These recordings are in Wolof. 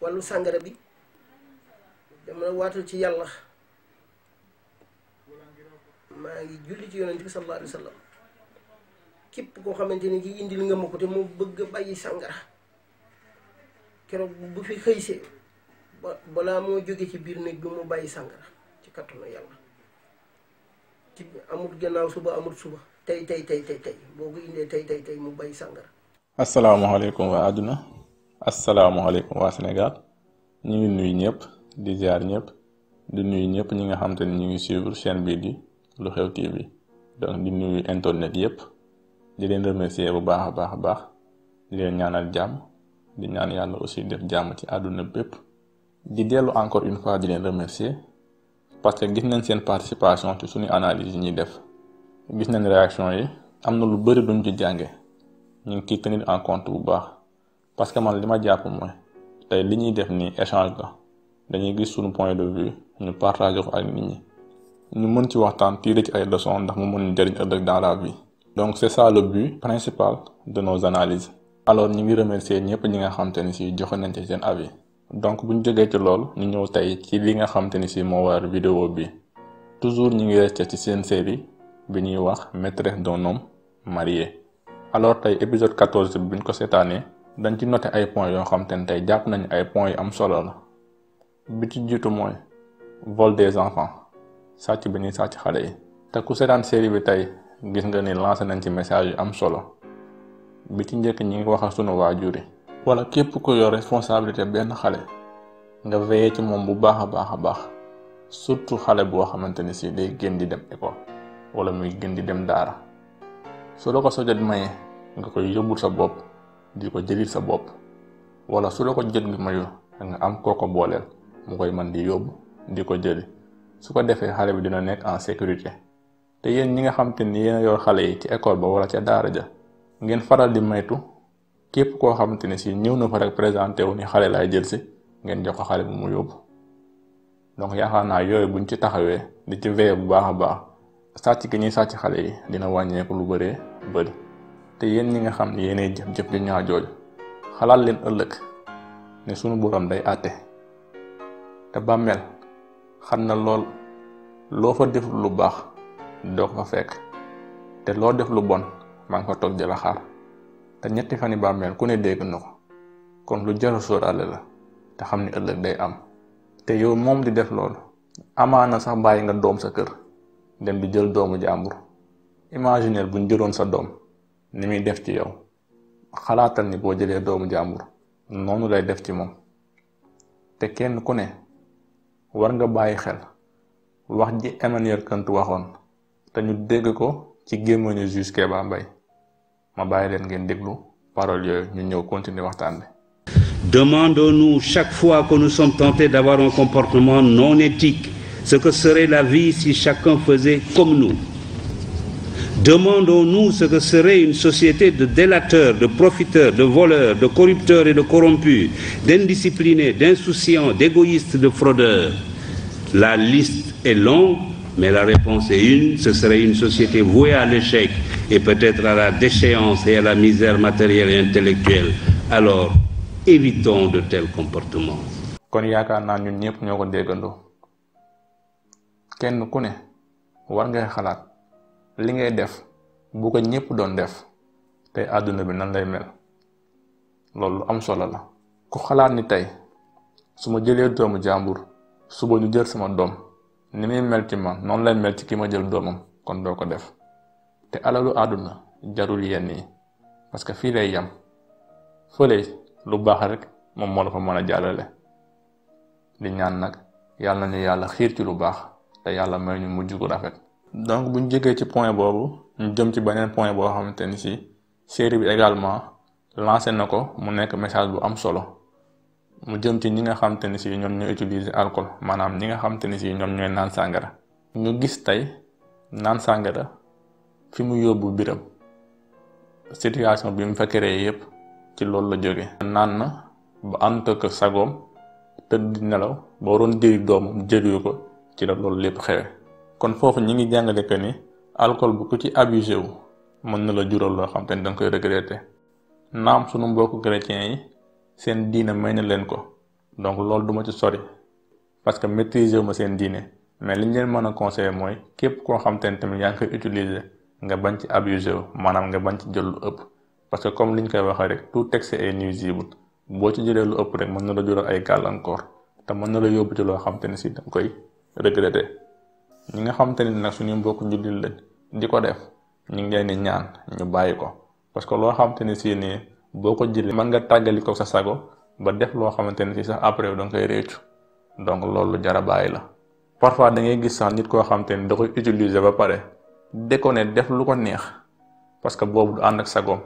wàllu sàngara bi dama waatal ci yàlla maa ngi julli ci yonent bi sallallahu alayhi wa sallam képp koo xamante ni ki li nga ma ko te mu bëgg a bàyyi sàngara keroog bu fi xëysee ba balaa moo jóge ci biir néeg bi mu bàyyi sàngara ci kattanu yàlla ci amul gannaaw suba amul suba tey tey tey tey tey boo ko indee tey tey tey mu bàyyi sàngara asalaamaaleykum waa àdduna asalaamualeykum waa senegal ñu ngi nuyu ñëpp di ziar ñëpp di nuyu ñëpp ñi nga xam ni ñu ngi suivre chaîne bii di lu xew TV donc di nuy internet yëpp di leen remercier bu baax a baax a baax di leen ñaanal jàmm di ñaan yàlla aussi def jàmm ci àdduna bépp di dellu encore une fois di leen remercier parce que gis nañ seen participation ci suñuy analyse yi ñuy def gis nañ réaction yi am na lu bëri duñ ci jànge ñu ngi ciy tenir en compte bu baax. parce que man li ma jàpp mooy tey li ñuy def nii échange la dañuy gis suñu point de vue ñu partager ko ak nit ñi ñu mën ci waxtaan tiire ci ay leçons ndax mu mën ñu jëriñ ëllëg dans la vie. donc c'est ça le but principal de nos analyses. alors ñu ngi remercier ñëpp ñi nga xam ni si joxe nañ ci seen avis. donc bu ñu jógee ci lool ñu ñëw tey ci li nga xam ni si moo war vidéo bi toujours ñu ngi resté ci seen série bi ñuy wax maîtresse d'un homme marié. alors tey épisode 14 bi ñu ko seetaanee. dañ ci noté ay points yoo xam te ne tey jàpp nañu ay points yu am solo la bi ci jiitu mooy vol des enfants sàcc bi ñuy sàcc xale yi te ku seetaan série bi tey gis nga ni lancé nañ ci message yu am solo bi ci njëkk ñi ngi wax ak sunu waajur yi wala képp ku yor responsabilité benn xale nga veillé ci moom bu baax a baax a baax surtout xale boo xamante ni si day gën di dem école wala muy gën di dem daara su la ko sojat mayee nga koy yóbbul sa bopp di ko jëlil sa bopp wala su la ko jët gi mayul nga am koo ko booleel mu koy man di yóbbu di ko jëli su ko defee xale bi dina nekk en sécurité te yéen ñi nga xam te ni yéen xale yi ci école ba wala ca daara ja ngeen faral di maytu képp koo xam ne si ñëw na fa rek présenté wu ni xale laay jël si ngeen jox ko xale bi mu yóbbu donc yaakaar naa yooyu buñ ci taxawee di ci veillé bu baax a baax sàcc ki ñuy sàcc xale yi dina wàññeeku lu bëree bëri. te yéen ñi nga xam ne yéenay jëf-jëf ju ñaaw jooju xalaat leen ëllëg ne sunu borom day àtte te bàmmeel xam na lool loo fa def lu baax doo ko fa fekk te loo def lu bon maa ngi fa toog jëla te ñetti fani bàmmeel ku ne dégg na ko kon lu jar a sóoraale la te xam ni ëllëg day am te yow moom di def loolu amaana sax bàyyi nga doom sa kër dem di jël doomu jàmbur imaginer buñ jëloon sa doom ni muy def ci yow xalaatal ni boo jëlee doomu jàmbur noonu lay def ci moom te kenn ku ne war nga bàyyi xel wax ji Emmanuel Kant waxoon te ñu dégg ko ci gémmañu juge Kéba Mbaye ma bàyyi leen ngeen déglu parole yooyu ñu ñëw continuer waxtaan bi Demandons-nous chaque fois que nous sommes tentés d'avoir un comportement non éthique ce que serait la vie si chacun faisait comme nous Demandons-nous ce que serait une société de délateurs, de profiteurs, de voleurs, de corrupteurs et de corrompus, d'indisciplinés, d'insouciants, d'égoïstes, de fraudeurs. La liste est longue, mais la réponse est une, ce serait une société vouée à l'échec et peut-être à la déchéance et à la misère matérielle et intellectuelle. Alors, évitons de tels comportements. kon yaakaar naa ñun ñëpp ñoo ko déggandoo kenn ku ne war ngay xalaat li ngay def bu ko ñëpp doon def tey àdduna bi nan lay mel loolu am solo la ku xalaat ni tey su ma jëlee doomu jàmbur suba ñu jël sama doom ni muy mel ci man noonu lay mel ci ki ma jël doomam kon doo ko def te alalu àdduna jarul yenn yi parce que fii lay yam fële lu baax rek moom moo la fa mën a jàllale di ñaan nag yàlla nañu yàlla xiir ci lu baax te yàlla may ñu mujj gu rafet donc bu ñu jógee ci point boobu ñu jëm ci beneen point boo xamante ni si série bi également lancé na ko mu nekk message bu am solo mu jëm ci ñi nga xamante ni si ñoom ñooy utiliser alcool maanaam ñi nga xamante ni si ñoom ñooy naan sàngara ñu gis tey naan sàngara fi mu yóbbu biram situation bi mu fekkee créé yépp ci loolu la jóge naan na ba ànd ko sagoom tëdd di nelaw ba waroon jëri doomam jëriyu ko ci la loolu lépp xewe kon foofu ñi ngi jàngale que ni alcool bu ku ci abusé wu mën na la jural loo xam te ni danga koy regretté naam sunu mbokku chrétiens yi seen diine may na leen ko donc loolu duma ci sori parce que maîtriser wu ma seen diine mais li ñu leen mën a conseiller mooy képp koo xam te ni tamit yaa ngi koy utiliser nga bañ ci abusé wu maanaam nga bañ ci jël lu ëpp parce que comme liñ koy waxee rek tout texte est nuisible boo ci jëlee lu ëpp rek mën na la jural ay gàllankoor te mën na la yóbbu ci loo xam ni si danga koy regretté. ñi nga xamante ni nag suñu mbokk jullit lañ di ko def ñu ngi leen di ñaan ñu bàyyi ko parce que loo xamante ni si nii boo ko jëlee mën nga tàggali ko sa sago ba def loo xamante ni si sax après danga koy réccu donc loolu jara bàyyi la. parfois da ngay gis sax nit koo xamante ni da koy utiliser ba pare ne def lu ko neex parce que boobu du ànd ak sagoom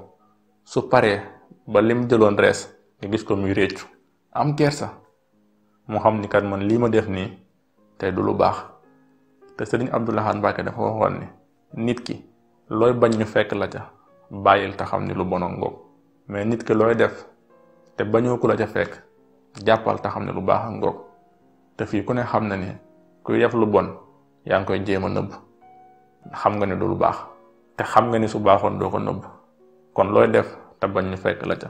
su paree ba lim jëloon rees nga gis ko muy réccu am kersa mu xam ni kat man lii ma def nii tey du lu baax. te sëriñ Abdou Lahad Mbacké dafa waxoon ni nit ki looy bañ ñu fekk la ca bàyyil te xam ni lu bono ngoog mais nit ki looy def te bañoo ku la ca fekk jàppal te xam ne lu baax ngoog te fii ku ne xam na ni kuy def lu bon yaa ngi koy jéem a nëbb xam nga ne du lu baax te xam nga ni su baaxoon doo ko nëbb kon looy def te bañ ñu fekk la ca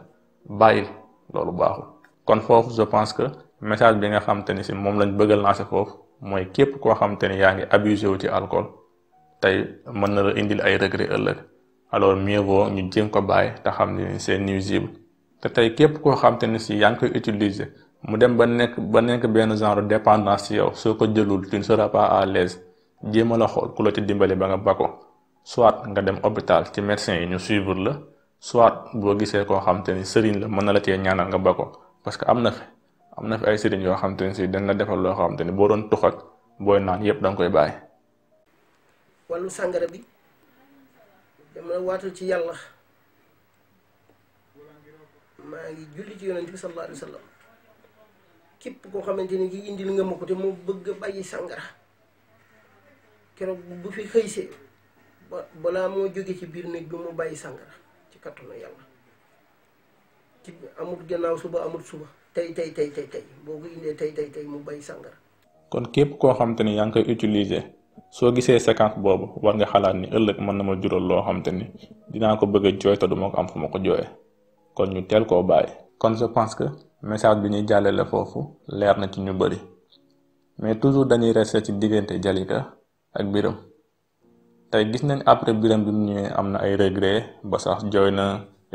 bàyyil loolu baaxul kon foofu je pense que message bi nga xam te ni si moom lañ bëggal naa si foofu mooy képp koo xamante ni yaa ngi abusé wu ci alcool tey mën na la indil ay regret ëllëg alors mieux vaut ñu jéem ko bàyyi te xam ne c'est nuisible te tey képp koo xamante ni si yaa ngi koy utiliser mu dem ba nekk ba nekk benn genre dépendance ci yow soo ko jëlul tu ne seras pas à l'aise jéema la xool ku la ci dimbali ba nga bako soit nga dem hôpital ci médecin yi ñu suivre la soit boo gisee koo xamante ni sëriñ la mën na la cee ñaanal nga ba parce que am na am na fi ay sëriñ yoo xam te ne si dañ la loo xam te ne boo doon tux ak booy naan yëpp da nga koy bàyyi. wàllu sàngara bi dama waatul ci yàlla maa ngi julli ci yonent bi sallallahu alayhi wa sallam képp koo xamante ni ki li nga ma ko te mu bëgg a bàyyi sàngara keroog bu fi xëysee ba balaa moo jóge ci biir néeg bi mu bàyyi sàngara ci kattanu yàlla ci amut gannaaw suba amut suba. tey tey tey tey tey boo ko indee tey tey tey mu bay sàngara kon képp koo xam te ni yaa ngi koy utiliser soo gisee séquence boobu war nga xalaat ni ëllëg mën na ma jural loo xam te ni dinaa ko bëgg a jooy te du ma ko am fu ma ko jooyee kon ñu teel koo bàyyi. kon je pense que message bi ñuy jàllale foofu leer na ci ñu bëri mais toujours dañuy rester ci diggante Jalika ak Biram tey gis nañ après Biram bi mu ñëwee am na ay regret ba sax jooy na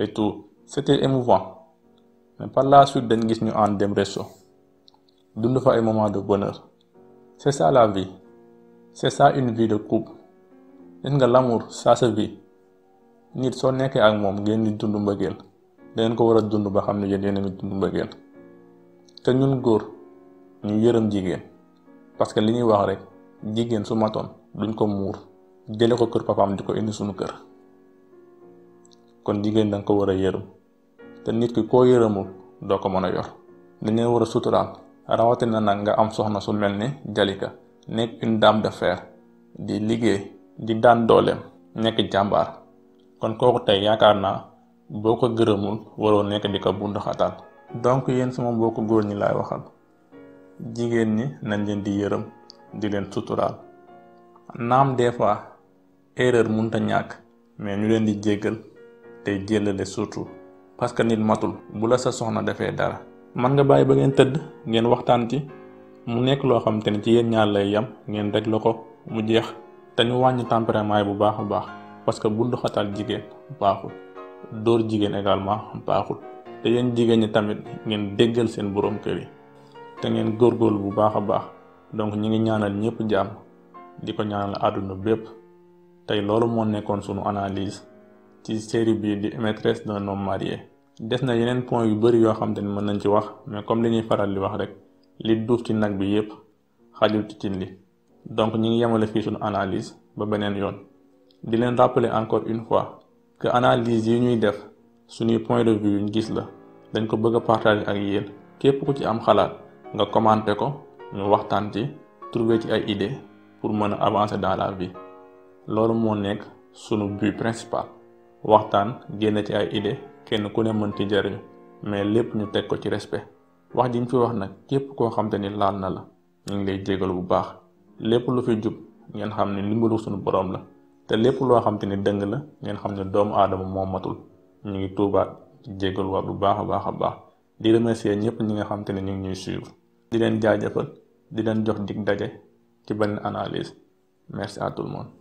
et tout c'était émouvant. mais par la suite dañ gis ñu ànd dem resto dund fa ay moment de bonheur c'est ça la vie c'est ça une vie de couple gis nga l'amour ça se vit nit soo nekkee ak moom ngeen di dund mbëggeel dangeen ko war a dund ba xam ne yéen yéen a ngi dund mbëggeel te ñun góor ñu yërëm jigéen parce que li ñuy wax rek jigéen su matoon duñ ko muur jële ko kër papaam di ko indi suñu kër kon jigéen danga ko war a yërëm te nit ki koo yërëmul doo ko mën a yor dañ leen war a suturaal rawatina nag nga am soxna su mel ni Jalika nekk une dame de di liggéey di daan dooleem nekk jàmbaar kon kooku tey yaakaar naa boo ko gërëmul waroo nekk di ko bund donc yéen sama ko góor ñi laay waxal jigéen ñi nañ leen di yërëm di leen suturaal naam des fois erreur mënta ñàkk mais ñu leen di jéggal tey jéllale surtout parce que nit matul bu la sa soxna defee dara man nga bàyyi ba ngeen tëdd ngeen waxtaan ci mu nekk loo xam te ni ci yéen ñaar lay yam ngeen rek la ko mu jeex te ñu wàññi tempérament bu baax a baax parce que bundu xatal jigéen baaxul dóor jigéen également baaxul te yéen jigéen ñi tamit ngeen déggal seen borom kër yi te ngeen góor góorgóorlu bu baax a baax donc ñi ngi ñaanal ñëpp jàmm di ko ñaanal àdduna bépp tey loolu moo nekkoon sunu analyse ci série bii di maîtresse d'un homme marié des na yeneen point yu bëri yoo xam te mën nañ ci wax mais comme li ñuy faral di wax rek li duuf ci nag bi yépp xajul ci cin li donc ñi ngi yemale fii suñu analyse ba beneen yoon di leen rappeler encore une fois que analyse yi ñuy def suñuy point de vue yuñ gis la dañ ko bëgg a partager ak yéen képp ku ci am xalaat nga commenter ko ñu waxtaan ci trouver ci ay idées pour mën a avancer dans la vie loolu moo nekk sunu but principal waxtaan génn ci ay idée kenn ku ne mën ci jariñu mais lépp ñu teg ko ci respect wax ji ñu fi wax nag képp koo xam te ni laal na la ñu ngi lay jégalu bu baax lépp lu fi jub ngeen xam ne ndimbalu suñu borom la te lépp loo xam te ni dëng la ngeen xam ne doomu aadama moom matul ñu ngi tuubaat ci jégaluwaat bu baax a baax a baax di remercier ñëpp ñi nga xam te ne ñu ngi ñuy suivre di leen jaajëfal di leen jox dig daje ci benn analyse merci à tout